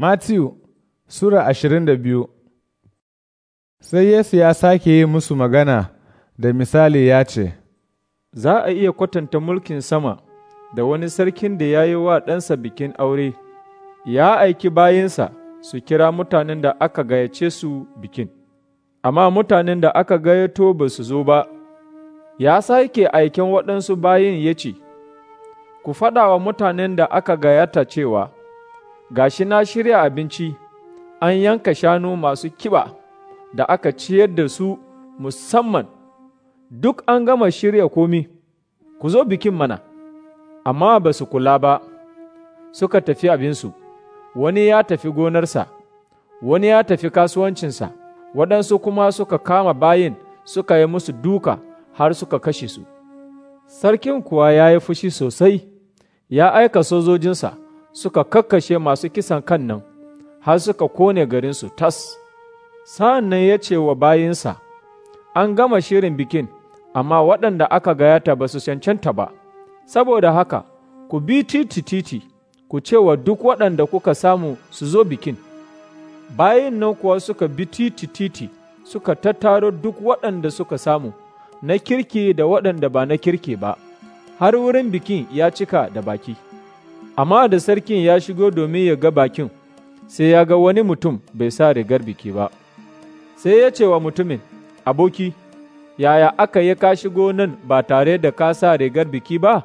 matthew Sura ashirin da biyu Sai Yesu ya sake yi musu magana da misali ya ce, Za a iya kwatanta mulkin sama da wani sarkin da ya yi wa ɗansa bikin aure, ya aiki bayinsa su kira mutanen da aka gayace su bikin, amma mutanen da aka gayato ba su zo ba, ya sake aiken waɗansu bayin ya ce, Ku faɗa wa mutanen da aka gayata cewa, ga shi na shirya abinci, an yanka shanu masu kiba da aka ciyar da su musamman, duk an gama shirya komi, ku zo bikin mana, amma ba su kula ba, suka tafi abinsu, wani ya tafi gonarsa, wani ya tafi kasuwancinsa, waɗansu kuma suka kama bayin suka yi musu duka har suka kashe su. Sarkin kuwa ya yi fushi sosai, ya aika sojojinsa. suka kakkashe masu kisan kan nan, har suka kone garinsu tas. Sa'an nan ya ce wa bayinsa, An gama shirin bikin, amma waɗanda aka gayata ba su cancanta ba, saboda haka, ku bi titi-titi, ku ce wa duk waɗanda kuka samu su zo bikin. Bayin nan kuwa suka bi titi-titi, suka tattaro duk waɗanda suka samu, na kirki da waɗanda ba na kirki ba, har wurin bikin ya cika da baki. amma da sarkin ya shigo domin ya ga bakin, sai ya ga wani mutum bai sa rigar biki ba. Sai ya ce wa mutumin, aboki, yaya aka yi ka shigo nan ba tare da ka sa rigar biki ba,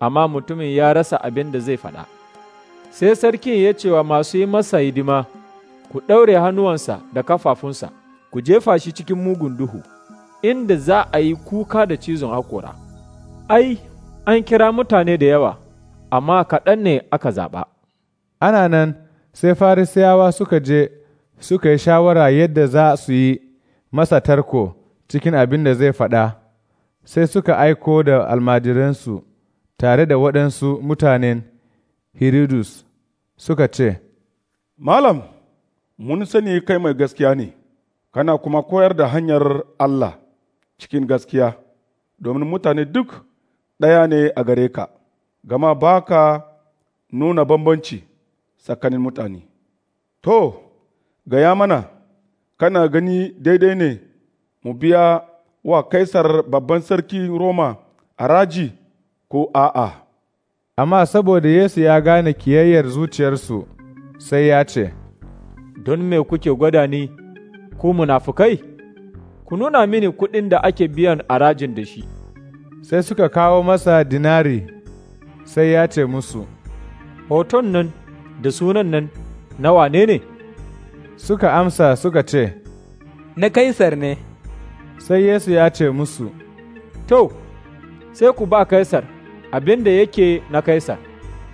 amma mutumin ya rasa abin da zai faɗa. Sai sarkin ya ce wa masu yi masa hidima, ku ɗaure hannuwansa da kafafunsa, ku jefa shi cikin mugun duhu, inda za a yi kuka da cizon haƙora. Ai, an kira mutane da yawa. amma kaɗan ne aka zaɓa. Ana nan sai Farisiyawa suka je suka yi shawara yadda za su yi masa tarko cikin abin da zai faɗa, sai suka aiko da almajiransu tare da waɗansu mutanen Hiridus suka ce, Malam, mun sani kai mai gaskiya ne, kana kuma koyar da hanyar Allah cikin gaskiya, domin mutane duk ɗaya ne a gare ka. gama ba ka nuna bambanci tsakanin mutane. To, gaya mana, kana gani daidai ne mu biya wa Kaisar babban sarki Roma a raji ko a'a. Amma saboda Yesu ya gane kiyayyar zuciyarsu, sai ya ce, Don me kuke gwada ni, ku munafukai? Ku nuna mini kuɗin da ake biyan a rajin da shi. Sai suka kawo masa dinari sai ya ce musu, Hoton nan da sunan nan na wane ne? Suka amsa suka ce, Na Kaisar ne. Sai Yesu ya ce musu, To, sai ku ba Kaisar abin da yake na Kaisar,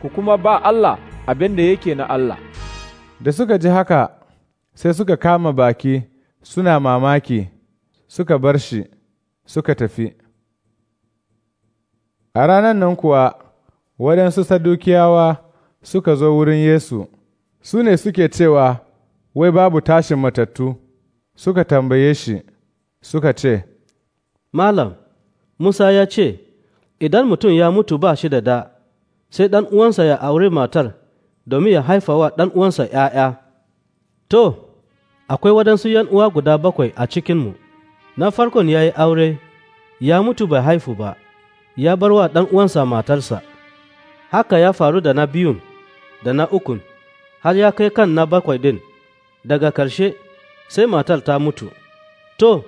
ku kuma ba Allah abin da yake na Allah. Da suka ji haka, sai suka kama baki suna mamaki, suka bar shi, suka tafi. A ranar nan kuwa, waɗansu sadukiyawa suka zo wurin Yesu, su ne suke cewa, Wai babu tashin matattu, suka tambaye shi, suka ce, Malam, Musa ya ce, Idan mutum ya mutu ba shi da da, sai ɗan uwansa ya aure matar domin ya haifa wa ɗan uwansa ‘ya'ya. To, akwai waɗansu ‘yan uwa guda bakwai a cikinmu, na farkon ya yi aure, ya mutu bai haifu ba, ya bar wa ɗan uwansa matarsa. haka ya faru da na biyun da na ukun har ya kai kan na bakwai din daga ƙarshe sai matar ta mutu to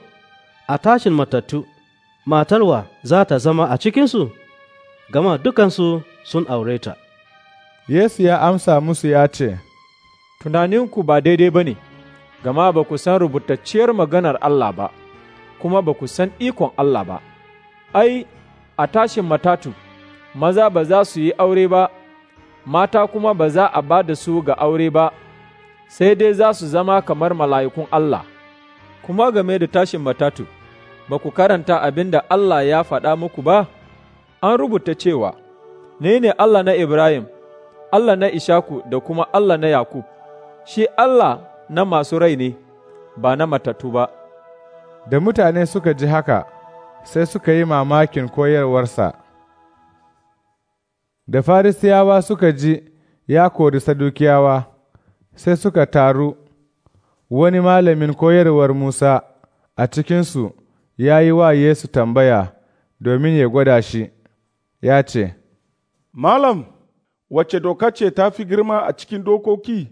a tashin matattu matarwa za ta zama a cikinsu gama dukansu sun aure ta yesu ya amsa musu ya ce tunaninku ba daidai ba ne gama ba ku san rubutacciyar maganar allah ba kuma ba ku san ikon allah ba ai a tashin matatu maza ba za su yi aure ba, mata kuma ba za a ba da su ga aure ba, sai dai za su zama kamar mala'ikun Allah. Kuma game da tashin matatu, ba ku karanta abin da Allah ya faɗa muku ba, an rubuta cewa, Ni ne Allah na Ibrahim, Allah na Ishaku da kuma Allah na Yakub, shi Allah na masu rai ne, ba na matatu ba. Da mutane suka ji haka, sai suka yi mamakin koyarwarsa. Da Farisiyawa suka ji ya kori Sadukiyawa, sai suka taru, wani malamin koyarwar Musa a cikinsu ya yi wa Yesu tambaya domin ya gwada shi, ya ce, Malam, wace doka ce ta fi girma a cikin dokoki?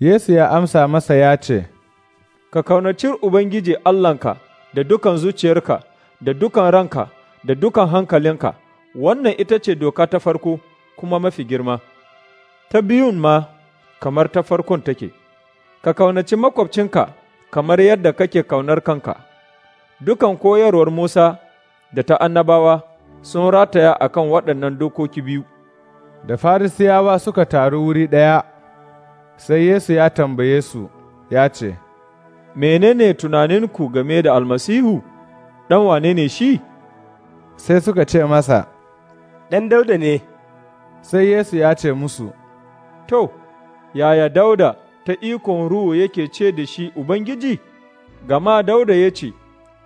Yesu ya amsa masa ya ce, Ka kaunaci Ubangiji Allahnka da dukan zuciyarka, da dukan ranka, da dukan hankalinka. wannan ita ce doka ta farko kuma mafi girma, ta biyun ma kamar ta farkon take, ka kaunaci makwabcinka kamar yadda kake kaunar kanka, dukan koyarwar Musa da ta annabawa sun rataya a kan waɗannan dokoki biyu. Da Farisiyawa suka taru wuri ɗaya, sai Yesu ya tambaye su, ya ce, Menene tunaninku game da almasihu, ɗan wane ne shi? Sai suka ce masa, ɗan dauda ne. Sai Yesu ya ce musu, To, yaya dauda ta ikon ruhu yake ce da shi Ubangiji? Gama dauda ya ce,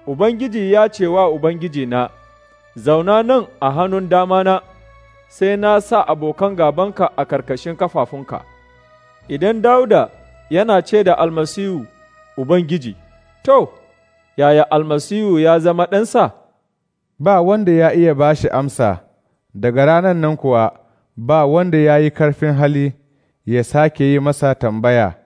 Ubangiji ya ce wa Ubangiji na, Zauna nan a hannun damana, sai na sa abokan gabanka a karkashin kafafunka. Idan dauda yana ce da almasihu Ubangiji, To, yaya almasihu ya zama ɗansa? Ba wanda ya iya ba shi amsa. daga ranan nan kuwa ba wanda ya yi ƙarfin hali ya sake yi masa tambaya